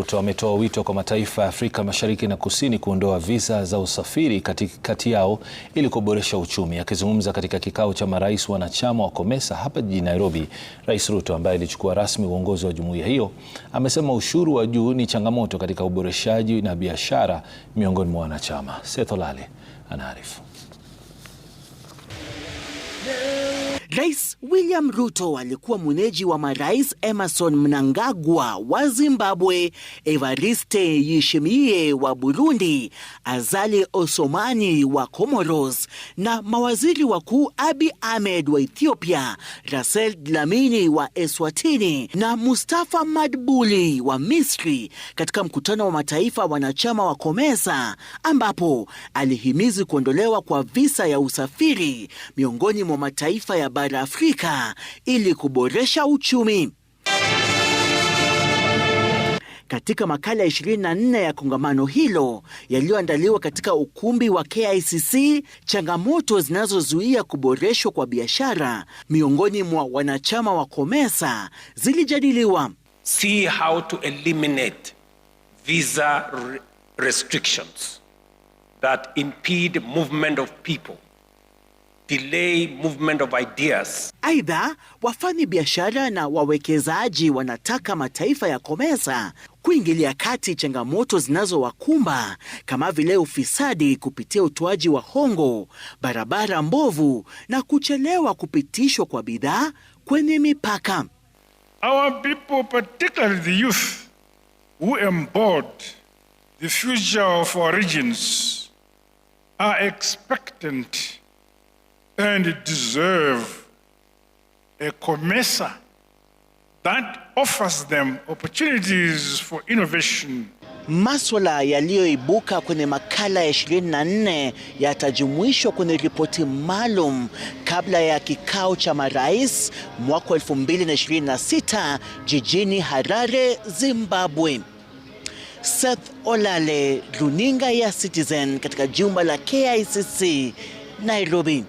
Ruto ametoa wito kwa mataifa ya Afrika Mashariki na Kusini kuondoa visa za usafiri kati yao ili kuboresha uchumi. Akizungumza katika kikao cha marais wanachama wa COMESA hapa jijini Nairobi, Rais Ruto ambaye alichukua rasmi uongozi wa jumuiya hiyo amesema ushuru wa juu ni changamoto katika uboreshaji na biashara miongoni mwa wanachama. setholale anaarifu. Rais William Ruto alikuwa mwenyeji wa marais Emerson Mnangagwa wa Zimbabwe, Evariste Yishimiye wa Burundi, Azali Osomani wa Comoros na mawaziri wakuu abi Ahmed wa Ethiopia, Rasel Dlamini wa Eswatini na Mustafa Madbuli wa Misri katika mkutano wa mataifa wanachama wa COMESA ambapo alihimizi kuondolewa kwa visa ya usafiri miongoni mwa mataifa ya bara Afrika ili kuboresha uchumi. Katika makala 24 ya kongamano hilo yaliyoandaliwa katika ukumbi wa KICC, changamoto zinazozuia kuboreshwa kwa biashara miongoni mwa wanachama wa COMESA zilijadiliwa. See how to eliminate visa restrictions that impede movement of people delay movement of ideas. Aidha, wafanyi biashara na wawekezaji wanataka mataifa ya COMESA kuingilia kati changamoto zinazowakumba kama vile ufisadi kupitia utoaji wa hongo, barabara mbovu na kuchelewa kupitishwa kwa bidhaa kwenye mipaka. Our people, particularly the youth who embody the future of our regions, are expectant and deserve a COMESA that offers them opportunities for innovation. Maswala yaliyoibuka kwenye makala ya 24 yatajumuishwa kwenye ripoti maalum kabla ya kikao cha marais mwaka 2026 jijini Harare, Zimbabwe. Seth Olale, runinga ya Citizen katika jumba la KICC Nairobi.